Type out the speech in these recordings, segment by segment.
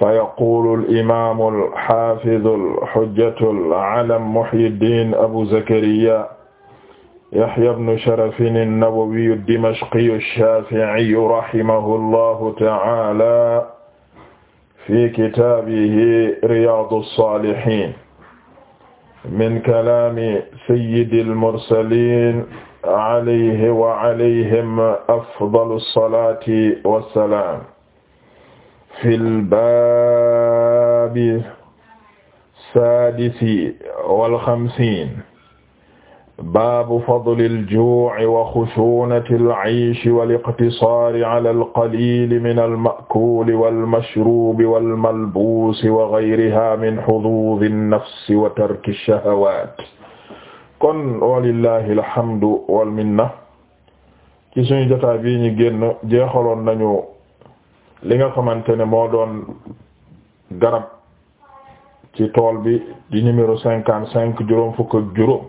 فيقول الإمام الحافظ الحجة العلم محي الدين أبو زكريا يحيى بن شرف النووي الدمشقي الشافعي رحمه الله تعالى في كتابه رياض الصالحين من كلام سيد المرسلين عليه وعليهم أفضل الصلاة والسلام fil baabi saadisi wal xamsiin baabu fadlil juu'i wa xushuunatil ayshi wal iqtisaari alal qaliili minal ma'kuuli wal mashruubi wal malbuusi wa xayrihaa min xuduudin nafsi wa tarki shahawaat. kon walillaahil hamdu wal minna. ci suñu jotaay bii ñu génn jeexaloon nañu. li nga xamante ne moo doon garab ci tool bi di numéro cinquante cinq juróom fukk ak juróom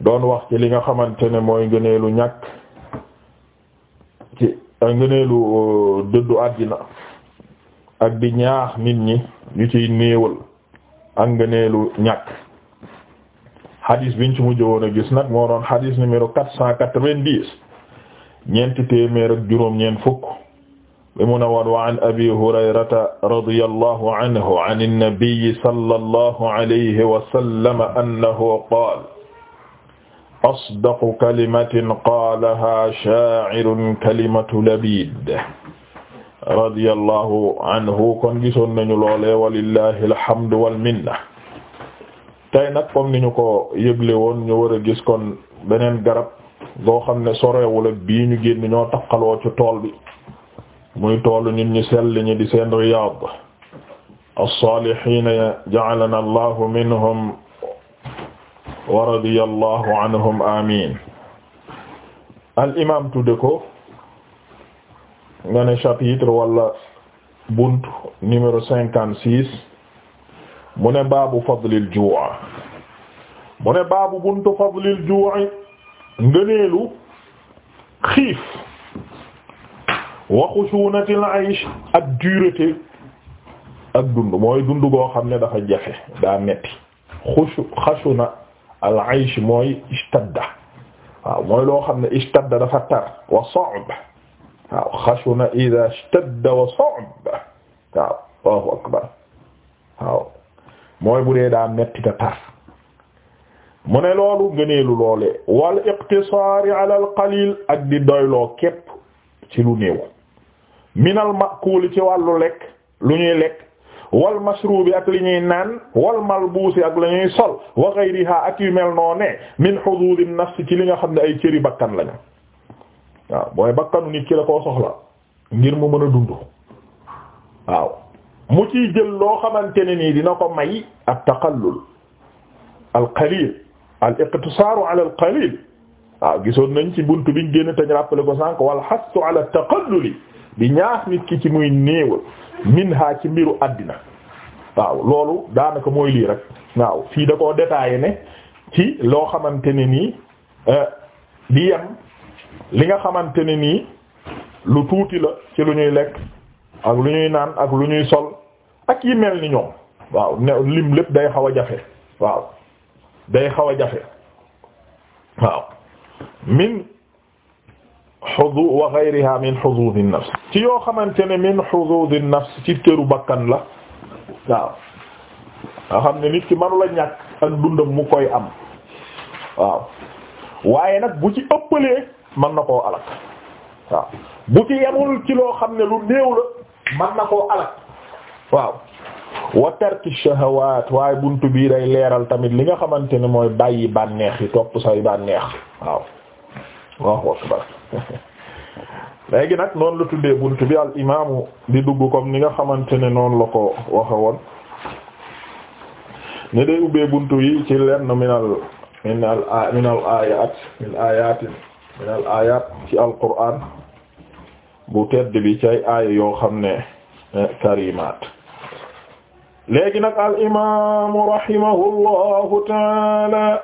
doon wax ci li nga xamante ne mooy ngëneelu ñàkk ci euh, ngëneelu euh, dëddu àddina ak di ñaax nit ñi ñu ciy néewal ak ngëneelu ñàkk xadis biñ ci mujj woon a gis nag moo doon xadis numéro quatre cent quatre-vingt-dix ñeenti téeméer ak juróom ñeent fukk mu ne woon wa an abi hurayrata radiyallahu anhu an annabiyi sallallahu alayhi wa sallam annahu qaala asdaqu kalimatin qaalahaa shaa'irun kalimatu Labiid radiyallahu anhu kon gisoon nañu loolee walillahi alhamdu wal minna tey nag comme ni ñu ko yëgle woon ñu war a gis kon beneen garab goo xam ne sorewul ak bii ñu génn ñoo taqaloo ci tool bi muy toolu nit ñi sell ñi di seen Riyad as-salihin ja'alana Allahu minhum wa al imam tudde ko nga ne chapitre wala bunt numéro cinquante six mu ne baabu fadlil ju'a mu ne baabu buntu fadlil ju'i ngëneelu xiif wa xushunatil aish ak dureté mooy dund goo xam ne dafa jafe daa metti xushu xashuna mooy istadda loo xam ne istadda dafa tar wa akbar mooy bu dee daa metti mu ne loolu ngëneelu loolee wal iqtisaari ala al qalil ak lu néew minal makuuli ci wàllu lekk lu ñuy lekk wal mashrubi ak li ñuy naan wal malbuusi ak la ñuy sol wa ghayriha ak yu mel noone ne min hududi nafs ci li nga xam ne ay cëri bakkan lañu waaw mooy bakkanu nit ki la koo soxla ngir mu mën a dund waaw mu ciy jël loo xamante ne nii dina ko may at taqallul al qalil al iqtisaaru al qalil waaw gisoon nañ ci buntu biñ génn tañ rappelé ko sànq wal hasu ala taqalluli di ñaax nit ki ci muy néewal min ha ci mbiru àddina waaw loolu daanaka mooy lii rek waaw fii da koo détaillé ne ci loo xamante ne nii euh, di yem li nga xamante ne nii lu tuuti la ci lu ñuy lekk ak lu ñuy naan ak lu ñuy sol ak yi mel ni ñoom waaw ne lim lépp day xaw a jafe waaw day xaw a jafe waaw min xudu wa ci yoo xamante ne min hudud nafs ci këru bakkan la waaw ne nit ki ñàkk ak dundam mu koy am waaw waaye nag bu ci ëppalee mën na koo alak waaw bu ci yemul ci xam ne lu néew la mën na koo alak waaw wa tarki shahawaat waaye buntu bii day leeral tamit li nga xamante ne mooy bàyyi banneex yi topp say bànneex waaw waaw akbar léegi nag noonu la tuddee buntu bi al imaamu di dugg comme ni nga xamante ne noonu la ko waxe woon ne day ubbee ci lenn min al min min al min al ayat ci al bu tedd bi ci yoo xam ne eh, karimaat léegi nag al rahimahullahu taala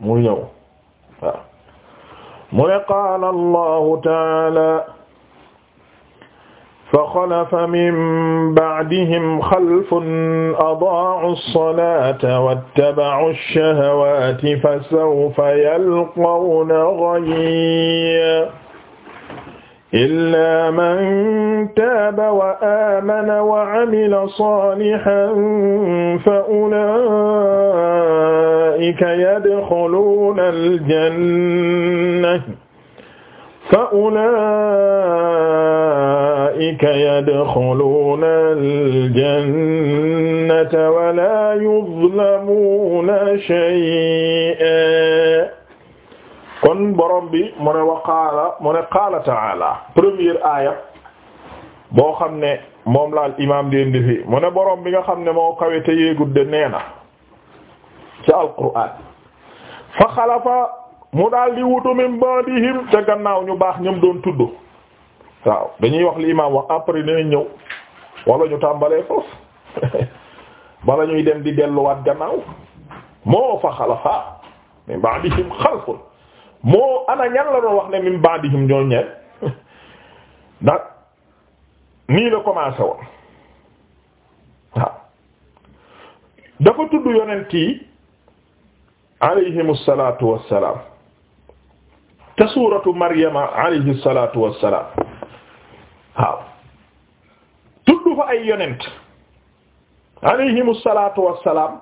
mu ñëw mu ne qaala allahu taala fa xalafa min bacdihim xalfun adaacu alsolata wattabacu alcahawaati fa sawfa yalqawna gayya illaa man taaba wa aamana wa amila saalihan fa ulaa'ika yadxuluuna aljanna fa ulaa'ika yadxuluuna aljannata wa laa yuzlamuuna shay'an kon boroom bi mu ne wa qaala mu ne qaala ta'ala première aaya boo xam ne moom laal imaam di indi fi mu ne borom bi nga xam ne moo kawe te yéegul de nee na ci alquraan fa xalafa mu daal di wutu min ba'dihim te gannaaw ñu baax ñoom doon tudd waaw dañuy wax li imaam wax après dinañ ñëw wala ñu tàmbalee foofu bala ñuy dem di delluwaat gannaaw moo fa xalafa min ba'dihim xalfun moo ana ñan la doon wax ne min ba'dihim ñoo ñeen ndax nii la commencé woon dafa tudd yonent yi alayhimu salaatu wassalaam te suuratu maryama alayhi salaatu wassalaam waaw tudd fa ay yonent alayhimu salaatu wassalaam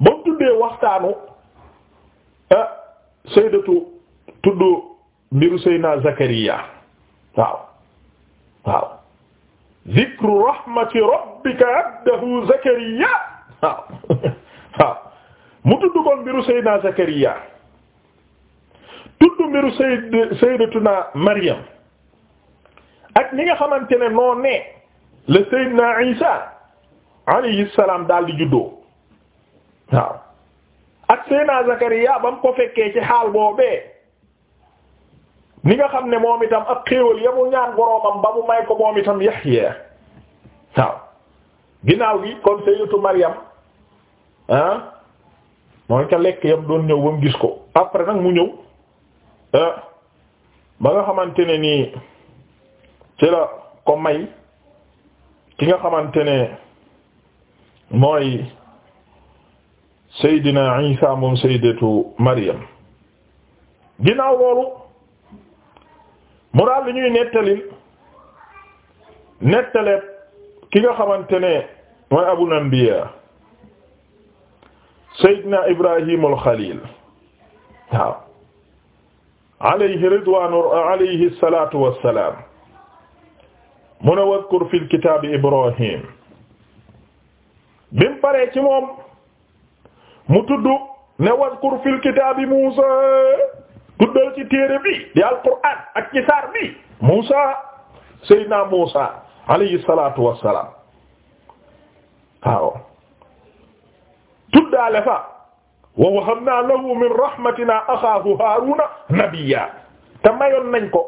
ba mu tuddee waxtaanu eh, sayyidatu tudd mbiru sayna Zakariya waaw waaw zikru rahmati rabbika abdahu Zakariya waaw waaw mu tudd kon mbiru sayna Zakariya tudd mbiru sayyid sayyidatuna ak ni nga xamante ne noo ne la Isa alayhi daal di juddoo Seydina Zakariya ba mu ko fekkee ci xaal boobee ni nga xam ne moom itam ak xéewal ya mu ñaan boroomam ba mu may ko moom itam Yaxya waaw ginnaaw gi kon Sayyidatu Maryam ah mooy ca lekk yam doon ñëw ba mu gis ko après nag mu ñëw ah, ba nga xamante ne nii ci la ko may ki nga xamante ne mooy Seydina Isa moom Sayyidatu Maryam ginnaaw loolu mu daal li ñuy nettali nettaleeb ki nga xamante ne mooy abul anbiya Seydina Ibrahimul Xaliil waaw alayhi ridwaanu alayhi salaatu wassalaam mu ne wadkur fil kitaabi Ibrahim bim paree ci moom mu tudd ne wazkur fil kitaabi Muusa tuddal ci téere bi di alquraan ak ci saar bi Muusa Seydina Muusa alayhi salaatu wassalaam waaw fa wa wahabnaa lahu min rahmatinaa axaahu Haaruuna nabiyya te mayoon nañ ko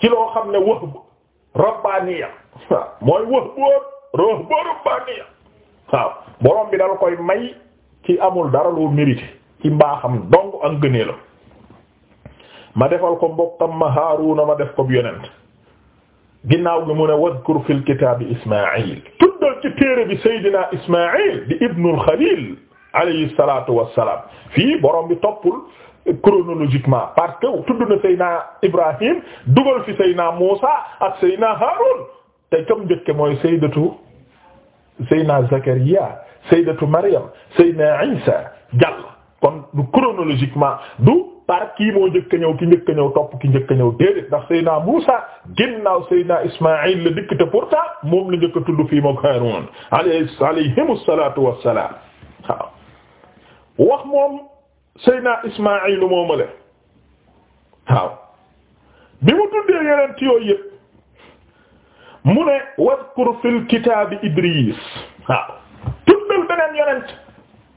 ci loo xam ne wahb rabbaaniya mooy wahb rabbaaniya waaw borom bi dal koy may ci amul dara loo mérité ci mbaaxam dong ak gënee ma defal ko mbokkam ma Haaruna ma def ko yonent ginnaaw gi mu ne wadkur fil kitaabi Ismaa'il tuddal ci bi Seydina Ismaa'il di Ibnul Xaliil alayhi salaatu wassalaam fii borom bi toppul chronologiquement parce que tudd na Seydina Ibrahim dugal fi Seydina Muusa ak Seydina Haarun te kam njëkke mooy Sayyidatu Seydina Zakariya sayyidatu Maryam sayyidina Isa jàll kon du chronologiquement du par moo njëkk a ki njëkk a topp ki njëkk a ñëw ndax sayyidina Muusa ginnaaw sayyidina Ismaïl la dikk te moom la njëkk tudd fii moom Haaruun alayhimu salaatu wassalaam waaw wax moom sayyidina Ismaïl moomale bi mu tuddee yeneen ci yooyu mu ne wazkur fil kitaabi Idriis waaw yonent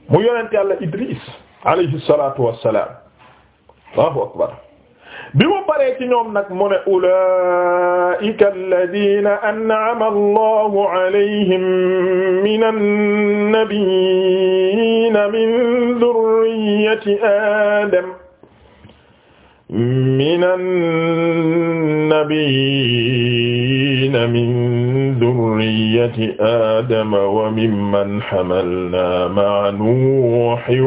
mu yonent yàlla Idris alayhi salaatu wassalaam Allahu akbar bi mu paree ci ñoom nag mu ne ulaa'ika alladhiina an'ama Allahu alayhim minan nabiyyiina min dhurriyyati aadam minan nabiyyiina min min durriyati aadama wa mimman hamalnaa ma'a nuuhin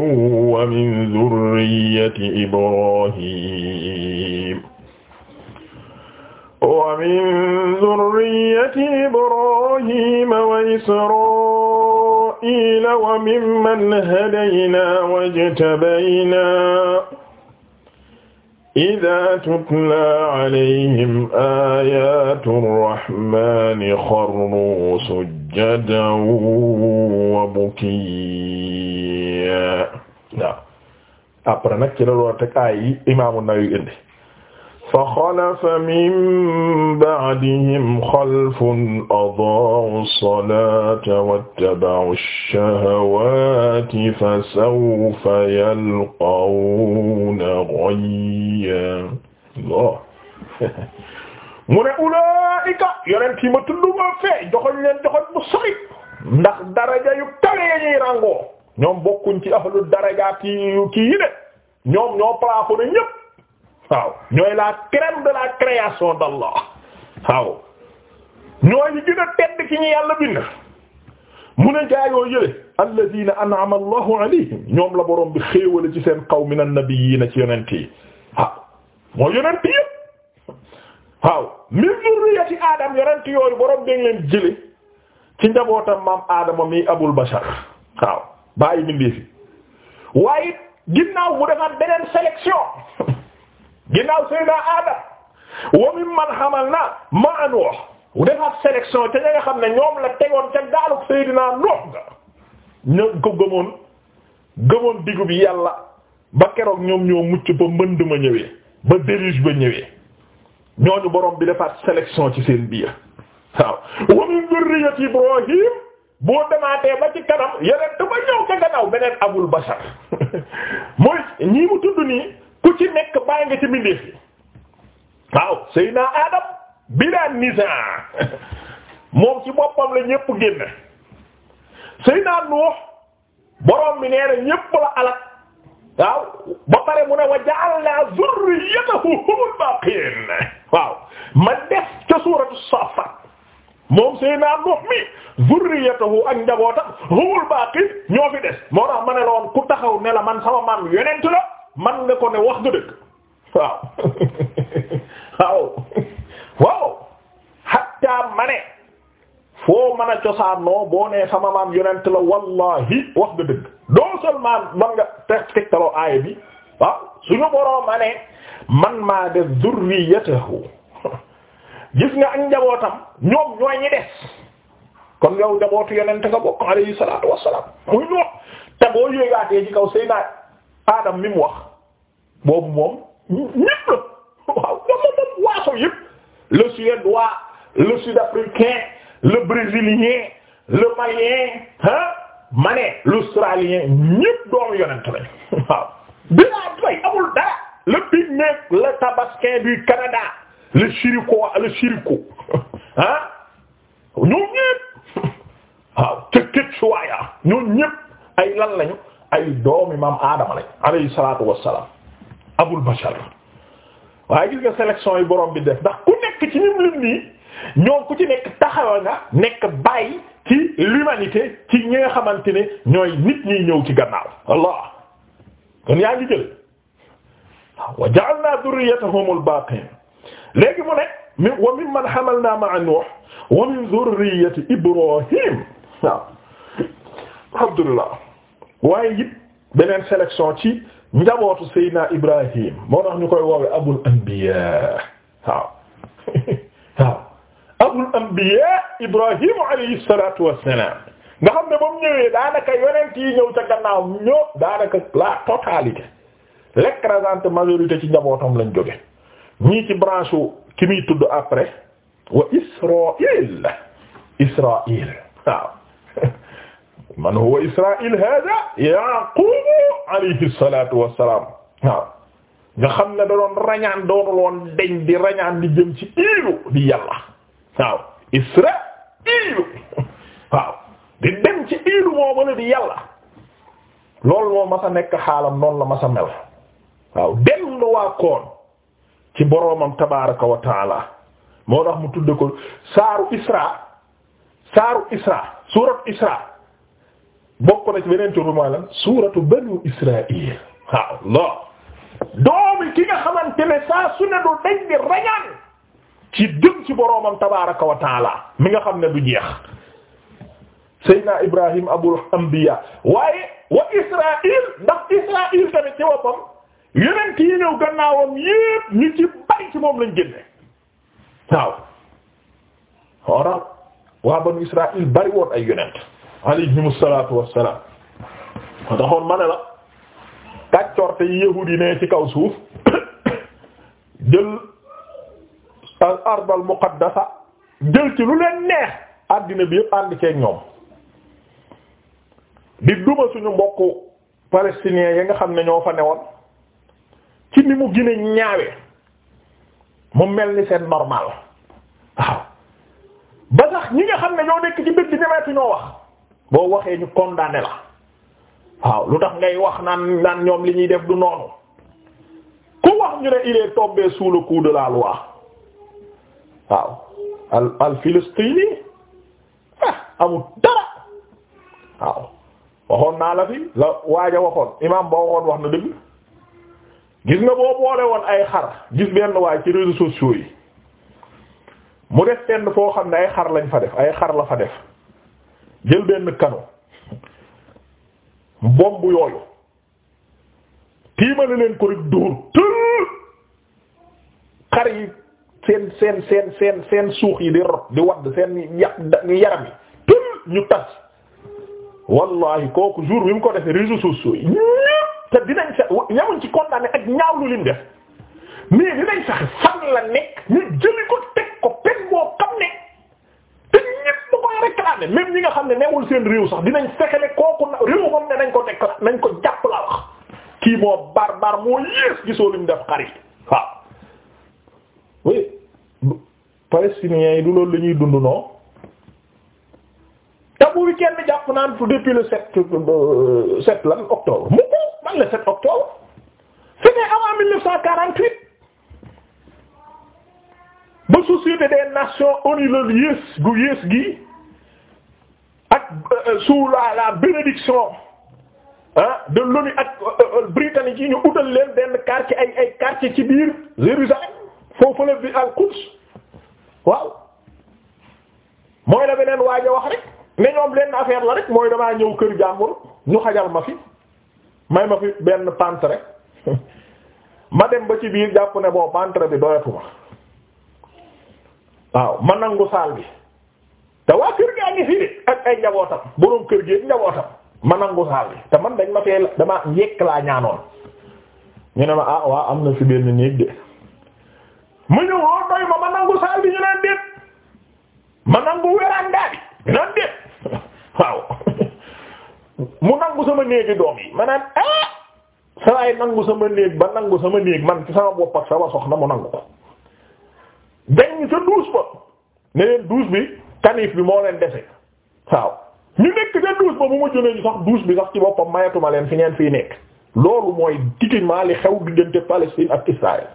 wa min durriyati ibraahiim wa min durriyati ibraahiima wa israa'iila wa mimman hadaynaa wajtabaynaa ida tutla alayhim ayatu rrahmani xarru sujjadan wa bukiya waaw après nag ci la loolu teg aay yi imaamu Nawawi indi فخلف من بعدهم خلف أضاعوا الصلاة واتبعوا الشهوات فسوف يلقون غيا Allah mu ne ulaa'ika yonent yi ma tudd ma fee joxoñ leen joxoñ bu sori ndax daraja yu kawe ñuy ràngoo ñoom bokkuñ ci ahlu darajaat yi kii yi de ñoom ñoo plafonné ñépp waaw ñooy la crème de la création d'Allah waaw ñooy ñu gën tedd ki ñu yàlla bind mu ne jaayoo yële alladina an'ama allahu alayhim ñoom la borom bi xéewale ci seen kaw min na ci yonent yi waaw moo yonent yëpp waaw min zurriyati aadam yonent yooyu borom bi leen jële ci njabootam maam aadama mi abul bashar waaw bàyyi mindii fi waaye ginnaaw bu defaat beneen sélection ginnaaw Seydina Adam wa mimman hamalna ma'a Nuh defaat sélection ca ña nga xam ne ñoom la tegoon ca gaalug Seydina Nuh ga ñoo ko gëmoon gëmoon diggu bi yàlla ba keroog ñoom ñoo mucc ba mbënd ma ñëwee ba déluge ba ñëwee ñooñu borom bi defaat sélection ci seen biir waaw wa min dhurriyyati Ibrahim boo demaatee ba ci kanam yeneen dama ñëw ca gannaaw beneen abul bashar mooy ñii mu tudd nii ku ci nekk bàyyi nga ci mbindeef yi waaw Seydina Adam bila nizaa moom ci boppam la ñépp génn Seydina Nuux borom bi nee na ñépp la alak waaw ba pare mu ne wa ja'alna zurriyatahu humul baaqiin waaw ma def ca suuratu Saaffaat moom Seydina Nuux mi zurriyatahu ak njabootam humul baaqiin ñoo fi des moo tax ma ne ku taxaw ne man sama maam yonent la man nga ko ne wax nga dëgg waaw waaw hatta ma foo mën a cosaanoo bo nee sama maam yonent la wallahi wax nga dëgg non seulement man nga te tegtaloo aaya bi waaw suñu boroom ma ne man maa def zurriyatahu gis nga ak njabootam ñoom ñooy ñi des kon yow njabootu yonent nga bokk alayhi salaatu wassalaam muy ñoo te boo yéegaatee kaw sëy naa aadam mi mu wax boobu moom ñépp la waaw moom moom waaso yëpp le suédois le sud-africain le brésilien le malien ah ma ne l'australien ñépp doomu yonent lañ bilaa doy amul dara le pygmée le tabasquin du Canada le chirico le chirico ah ñoom ñépp waaw te Quechua ñoom ñépp ay lan lañu ay doomi maam aadama lañ alayhi salaatu wassalaam abul bashar waaye gis nga sélection yi borom bi def ndax ku nekk ci ñim lim ñoom ku ci nekk taxawa nekk bàyyi ci l'humanité ci ñi nga xamante ne ñooy nit ñi ñëw ci gannaaw allah kon yaa ngi jël wa ja'alna dhurriyyatahum al mu nekk wa mimman hamalna ma'a nuh wa min dhurriyyati ibrahim alhamdulillah waaye it beneen sélection ci njabootu Seydina Ibrahim moo tax ñu koy woowe abul anbiya waaw waaw abul anbiya Ibrahim alayhi salatu wassalam nga xam ne ba mu ñëwee daanaka yonent yi ñëw ca gannaaw ñoo daanaka la totalité l'écrasante majorité ci njabootam lañ jóge ñii ci branche ki muy tudd après wa Israël Israël waaw man huwa Israa'il hada Yaqub alayhi salaatu wa salaam nga xam ne da doon rañaan doonul woon deñ di rañaan di jëm ci iilu di yàlla waaw Israa'ilu di dem ci iilu moo wala di yàlla loolu moo masa nekk xaalam noonu la masa mel waaw dellu waa koon ci boroomam tabaaraka wa taala moo tax mu tudd ko saaru Isra saaru Isra suurat Isra bokk na ci beneen suuratu banu Israaïl waaw lool doomi ki nga xamante ne saa su ne du dañ di rañaan ci jëm ci boroomam tabaaraka wa taala mi nga xam ne du jeex Seydina Ibrahim abul anbiya waaye wa Israaïl ndax Israaïl tamit ci woppam yonent yi ñëw gannaawam yépp ñu ci bari ci moom lañ génne waaw waa banu Israaïl bari woon ay yonent alayhimu salaatu wassalaam ma taxoon ma ne la kàccorte yi yahuud yi ci kaw suuf jël al ardal muqaddasa jël ci lu leen neex àddina bi yëpp ànd ceeg ñoom di duma suñu mbokku palestiniens yi nga xam ne ñoo fa woon ci ni mu gën ñaawe mu mel ni seen normal waaw ba sax ñi nga xam ne ñoo nekk ci biir di nemeetu ñoo wax boo waxee ñu condamné la waaw lu tax ngay wax naan naan ñoom li ñuy def du noonu ku wax ñu ne il est tombé sous le coup de waaw al al filistini ah amul dara waaw waxoon naa la fi la waaja waxoon imaam ba waxoon wax na dëgg gis nga boo boole woon ay xar gis benn waay ci réseaux sociaux yi mu def tenn foo xam ne ay xar lañ fa def ay xar la fa def jël benn kano bomb yooyu tiimale leen ko rek dóor tël xar yi seen seen seen seen seen suux yi di rot di wadd seen yaq yaram yi tël ñu tas wallahi kooku jour bi mu ko defee réseaux sociaux yi te dinañ sa ñamuñ ci condamné ak ñaawlu lim def mais dinañ sax fan la nekk ñu jëli ko teg ko pen boo xam ne koy réclamer même ñi nga xam ne newul seen réew sax dinañ fexe ne kooku na réew moom ne nañ ko décla nañ ko jàpp laa wax kii moo barbar moo yées gisoo luñ def xarit waaw oui yi du loolu la dund noo te bu week-end jàpp naan pour depuis le sept euh, sept octobre mu ko man le sept octobre c'était avant 1948 ba société des nations ONU la yées gu yées gi Euh, euh, sous la la bénédiction ah de l'ONU ak euh, britannique yi ñu utal leen benn quartier ay ay quartier ci biir Jérusalem foofu la bi al-Quds waaw mooy la beneen waaj wax rek ne ñoom leen affaire la rek mooy damaa ñëw kër jàmbur ñu xajal ma fi may ma fi benn pantre ma dem ba ci biir jàpp ne boo pantre bi doyatuma waaw ma nangu saal bi te waa kër gaa ngi fi de ak ay njabootam boroom kër gi njabootam ma nangu saal bi te man dañ ma fee dama yekk laa ñaanoon ñu ne ma ah waa am na fi benn néeg de mu ñëw woo oh, doy ma ma nangu saal bi ñu naan déet ma nangu werandaa bi ñu naan déet waaw mu nangu sama néegi doom yi ma naan ah salaay nangu sama néeg ba nangu sama néeg man ci sama bopp sama soxna mu nangu ko dañ sa douche ba ne leen douche bi kanif bi moo leen dese waaw ñu nekk de douze ba mu ma jëlee ñu sax douze bi sax ci boppam mayatuma leen fi ngeen fii nekk loolu mooy typiquement li xew diggante Palestine ak Israël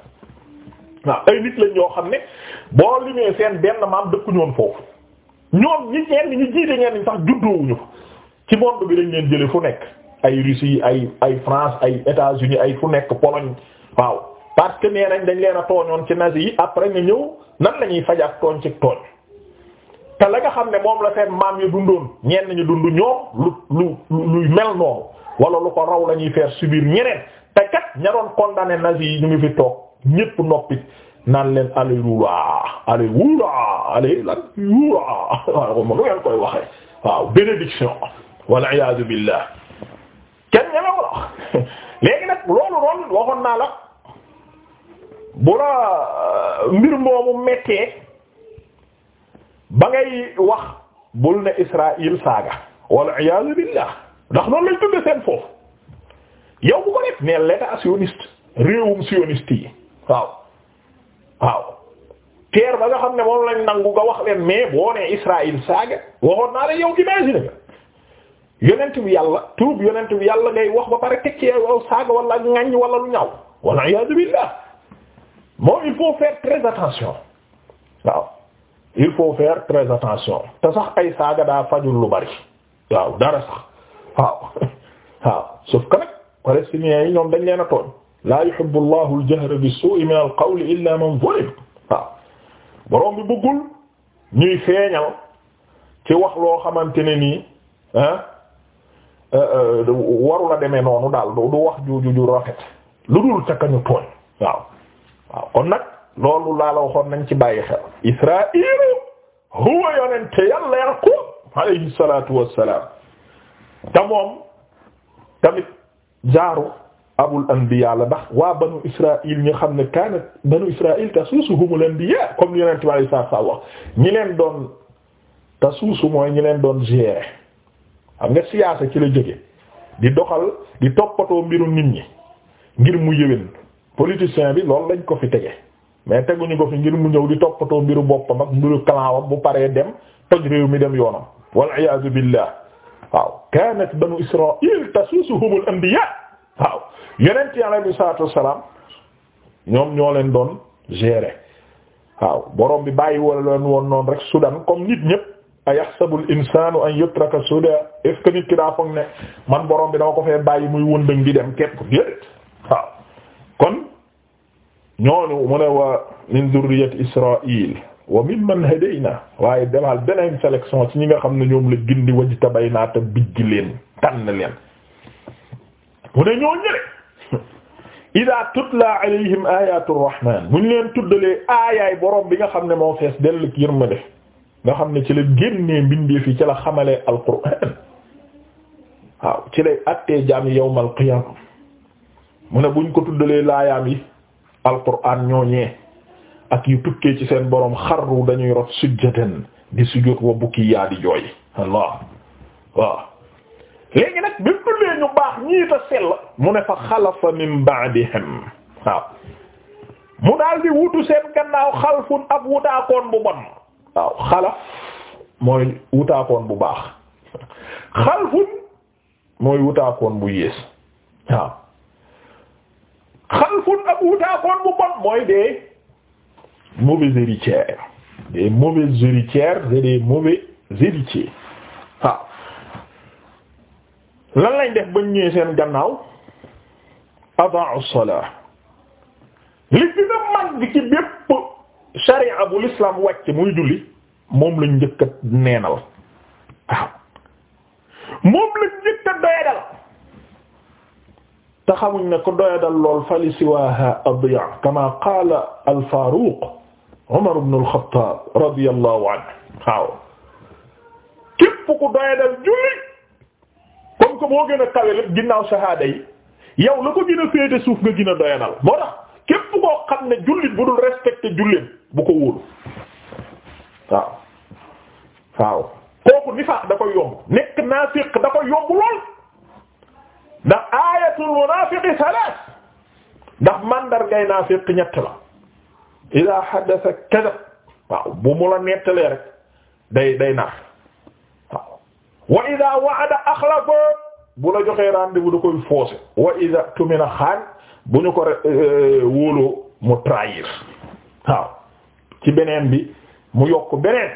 waaw ay nit lañ ñoo xam ne boo lu ñëwee seen benn maam dëkku ñoon foofu ñoom ñi ñenn ñi jiite ñenn ñi sax juddoowuñu ci monde bi lañ leen jëlee fu nekk ay Russie ay ay France ay États-Unis ay fu nekk Pologne waaw parce que nee nañ dañ leen a tooñoon ci nazi yi après ñu ñëw nan la ñuy faj ak ci tooñ. te la nga xam ne moom la seen maam yi dundoon ñenn ñu dund ñoom lu lu lu mel noonu wala lu ko raw lañuy ñuy faire subir ñeneen te kat ña doon condamné nazi yi ñu ngi fi toog ñépp noppi naan leen allez wula allez wula allez lan wula waaw ma nu ngeen koy kenn ñeme wala léegi nag loolu noonu waxoon naa la bu la euh, mbir moomu méttee. ba ngay wax bul ne Israël saaga wal iyaazu billah ndax noonu lañ tudde seen foofu yow bu ko def ne l'état sioniste réewum sioniste yi waaw waaw teer ba nga xam ne moom lañ nangu nga wax leen mais boo ne Israël saaga waxoon naa ne yow imagine nga yonent bi yàlla turub yonent bi yàlla ngay wax ba pare teg ci yow saaga wala ŋaññ wala lu ñaaw wal iyaazu billah moom il faut faire attention waaw il faut faire très attention te sax ay saaga daa fajul lu bari waaw dara sax waaw waaw sauf que nag palestiniens yi ñoom dañ leen a tooñ laa yuhibbu allahu al-jahra bis-su'i min al illa man zulim waaw borom bi bëggul ñuy feeñal ci wax loo xamante ne nii ah waru la demee noonu daal du wax ju ju rafet lu dul ca kañu tooñ waaw waaw kon loolu laa la waxoon nañ ci bàyyi xel israil huwa yonente yàlla yaqub alayhi salatu wassalam te moom tamit jaaru abul anbiya la ndax waa banu israil ñu xam ne kaanat banu israil tasuusuhumul anbiya comme ni yonente bi alayhi salatu wassalam wax ñi leen doon tasuusu mooy ñi leen doon gérer xam nga siyaasa ci la jóge di doxal di toppatoo mbiru nit ñi ngir mu yëwén politicien bi loolu lañ ko fi tege mais tegu teguñu ko fi ngir mu ñëw di toppatoo mbiru boppam ak mbiru kalaawam bu paree dem toj réew mi dem yoonam wal iyaazu billah waaw kanat banu israil tasuusuhumul anbiya waaw yonent yi alayhi salaatu wassalaam ñoom ñoo leen doon gérer waaw borom bi bàyyi wala leen woon noonu rek sudan comme nit ñépp ayahsabul insaanu an yutraka suda est nit ki daa foog ne man borom bi dama ko fee bàyyi muy wëndëng di dem képp déedéet waaw kon ñooñu mu ne wa min zurriyati Israaïl wa mimman hadayna waaye demal beneen sélection ci ñi nga xam ne ñoom la gindi wajtabaynaa te bijj leen tànn leen mu ne ñoo ñële ida tutla alayhim ayatu rahman muñ leen tuddalee aayaay borom bi nga xam ne moo fees dell yërmande nga xam ne ci la génnee mbindeef yi ci la xamalee alquraan waaw ci lay attee jaam yi yawmal qiyaama mu ne buñ ko tuddalee laayaam yi alquran ñooñee ak yu tukkee ci seen borom xarru dañuy rot sujjadan di sujjóot wa bukki yaa di jooy allah waaw léegi nag bi mu tullee ñu baax ñii ta mu ne fa xalafa min ba'dihim waaw mu daal di wutu seen gannaaw xalfun ab wutaakoon bu bon waaw xalaf mooy wutaakoon bu baax xalfun mooy wutaakoon bu yées waaw xalfun ak wutaakoon bu bon mooy des mauvais héritiers des mauvais héritiers et mauvais héritiers lan lañ def bañ ñëwee seen gannaaw adaa'u salaa li dina mag bi ci bépp sharia bu l'islam wàcc muy julli moom lañ njëkk a neenal waaw moom lañ njëkk doyadal te xamuñ ne ko doyadal lool fali siwaaha adiya kama qaala al-Faaruq Umar ibn al-Khattab radiyallahu anhu waaw képp ku doyadal julli comme que moo gën a kawe lépp ginnaaw shahaada yi yow la suuf nga gën doyadal moo tax képp koo xam jullit bu dul respecté jullit bu ko wóolu kooku nifaax da yomb nekk naafiq da koy yomb lool ndax ayatul munaafiqi salaas ndax mandargay naafiq ñett la ida haddasa kadab waaw bu mu la nettalee rek day day naax waaw wa ida wa'ada axlafa bu la joxee rendez-vous da koy fausser wa ida tumina xaan bu ñu ko euh, wóoloo mu trahir waaw ci beneen bi mu yokk beneen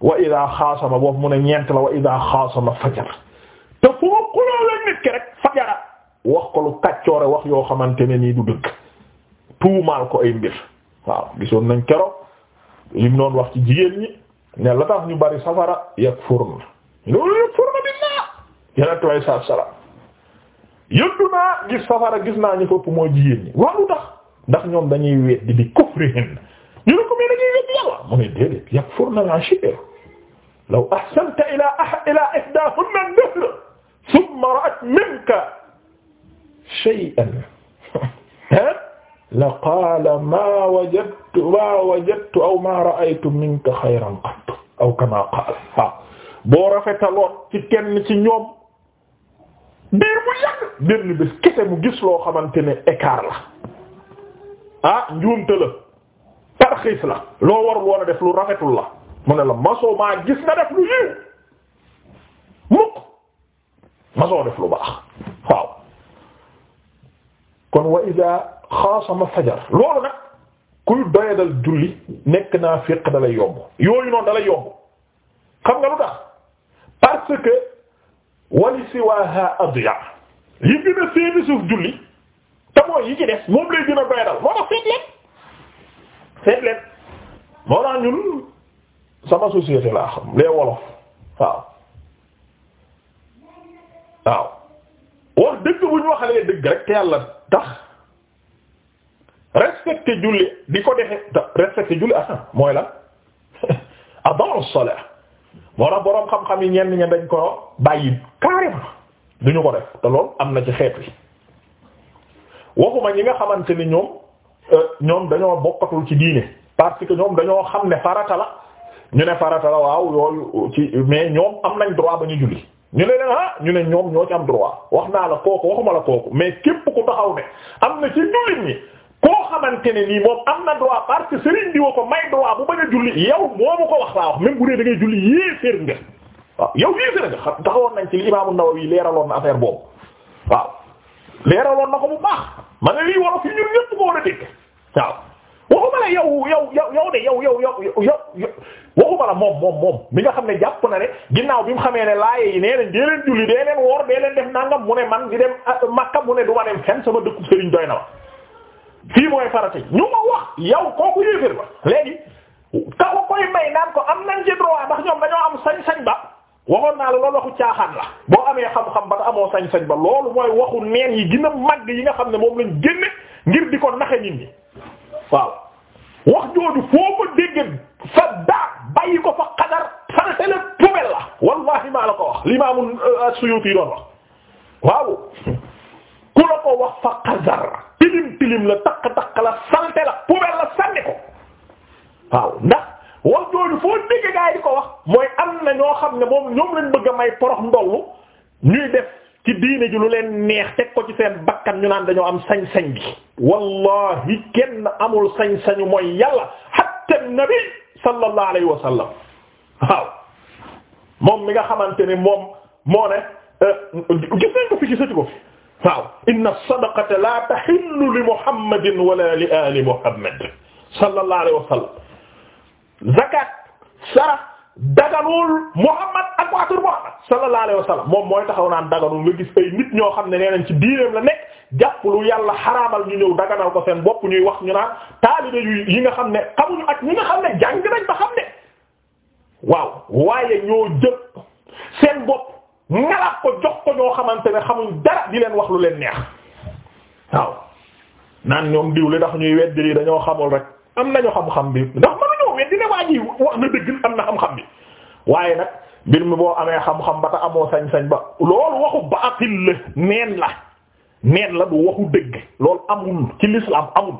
wa ida xaasama boofu mu ne ñeent la wa ida xaasama fajar te fu wax ko lu kàccoore wax yoo xamante ne nii du dëgg tuumaal ko ay mbir waaw gisoon nañ keroog lim noon wax ci jigéen ñi ne tax ñu bari safara yakfurna loolu yakfurna billah yenentu way sat gis naa ñu fopp mooy jigéen ñi waaw lu tax ndax ñoom dañuy weddi bi kufrihin ñu ne ko mais dañuy weddi yàlla mu ne déedéet yakfurna al-ashir law ahsanta ila ila ihdahunna an-nahr thumma ra'at minka shay'an la qaala maa wajadtu maa wajadtu aw maa ra'aytu minka xayran qattu aw kamaa qaala waaw boo rafetaloon ci kenn ci ñoom biir mu yàgg benn bés kese mu gis loo xamante ne écart la ah njuumte la tarxiis la loo warul woon a def lu rafetul la mu ne la masoo maa gis nga def lu yiw mukk masoo def lu baax waaw kon wa ida xaasama fajar loolu nag kuy doyadal julli nekk naa féq dalay yomb yooyu noonu dalay yomb xam nga lu tax parce que wali siwaha adiya yi gën a séeni suuf julli te mooy yi ci des moom lay gën doyadal moo tax seet leen seet leen moo tax ñun sama société laa xam les wolof waaw waaw wax dëgg bu ñu waxalee dëgg rek te yàlla tax respecté julli di ko defe respecté julli ah, mooy la adaa'u salaat moo tax boroom xam-xam yi ñeen ña dañ ko bàyyi carrément duñu ko def te lool am na ci xeet wi waxuma ñi nga xamante ni ñoom euh, ñoom dañoo bokkatul ci diine parce que ñoom dañoo xam ne farata la ñu ne farata la waaw yooyu mais ñoom am nañ droit ba ñu julli ñu ne leen ah ñu ne ñoom ñoo ci am droit wax naa la kooku waxuma la kooku mais képp ku taxaw ne am na ci jullit ñi koo xamante ne nii moom am na droit parce que Serigne diwa ko may droit bu bañ a julli yow moomu ko wax laa wax même bu dee da ngay julli yéeféer nga waaw yow yéeféer nga xam taxawoon nañ ci li Imaamu Nawawi leeraloon na affaire boobu waaw leeraloon na ko bu baax ma ne lii war fi ñun ñëpp ko war a dégg waaw waxuma la yow yow yow yow de yow yow yow yow waxuma la moom moom moom mi nga xam ne jàpp na ne ginnaaw bi mu xamee ne laaye yi nee leen dee leen julli dee leen woor dee leen def nangam mu ne man di dem ah, Makka mu ne du ma na wa mooy farata yow kooku yéefér ba ko am nañ ci droit am sañ-sañ ba waxoon naa la loolu waxu boo amee xam ba amoo sañ-sañ ba loolu mooy waxu neen yi gën a màgg yi nga xam ne moom lañ génne ngir di ko naxe nit waaw wax jooju foo ko dégg fa bàyyi ko fa xadar salte la poubelle la wallahi maa la ko wax l'imam as-Suyuti doon wax waaw ku la ko wax fa xadar tilim tilim la takk takk la salte la poubelle la sànni ko waaw ndax wax jooju foo dégg gaa yi di ko wax mooy am na ñoo xam ne moom ñoom lañ bëgg a may porox ndollu ñuy def ci diine ji lu leen neex teg ko ci seen bakkan ñu naan dañoo am sañ-sañ gi wallahi kenn amul sañ-sañu mooy yàlla hatta nabi sallallahu alayhi wa sallam waaw moom mi nga xamante ne moom moo ne euh, gis nañ ko fi gisati ko fi waaw inna sadaqata la tahillu li muhammadin wala li ali muhammad sallallahu alayhi wa sallam zakat sarax daganul muhammad ak waatur muhammad sallallahu alayhi wa sallam moom mooy taxaw naan daganul nga gis ay nit ñoo xam ne nee nañ ci biiram la nekk jàpp lu yàlla xaraamal ñu ñëw daganal ko seen bopp ñuy wax ñu naa taalibe yu yi nga xam ne xamuñu ak ñi nga xam ne jàng nañ ba xam ne waaw waaye ñoo jël seen bopp ngalaat ko jox ko ñoo xamante ne xamuñ dara di leen wax lu leen neex waaw naan ñoom diw li ñuy weddi lii dañoo xamul rek am nañu xam-xam bi ndax mënuñoo weddi ne waa ji wax na dëgg am na xam-xam bi waaye nag mbir mi boo amee xam-xam ba ta amoo sañ-sañ ba loolu waxu baatil neen la du waxu dëgg loolu amul ci l'islam amul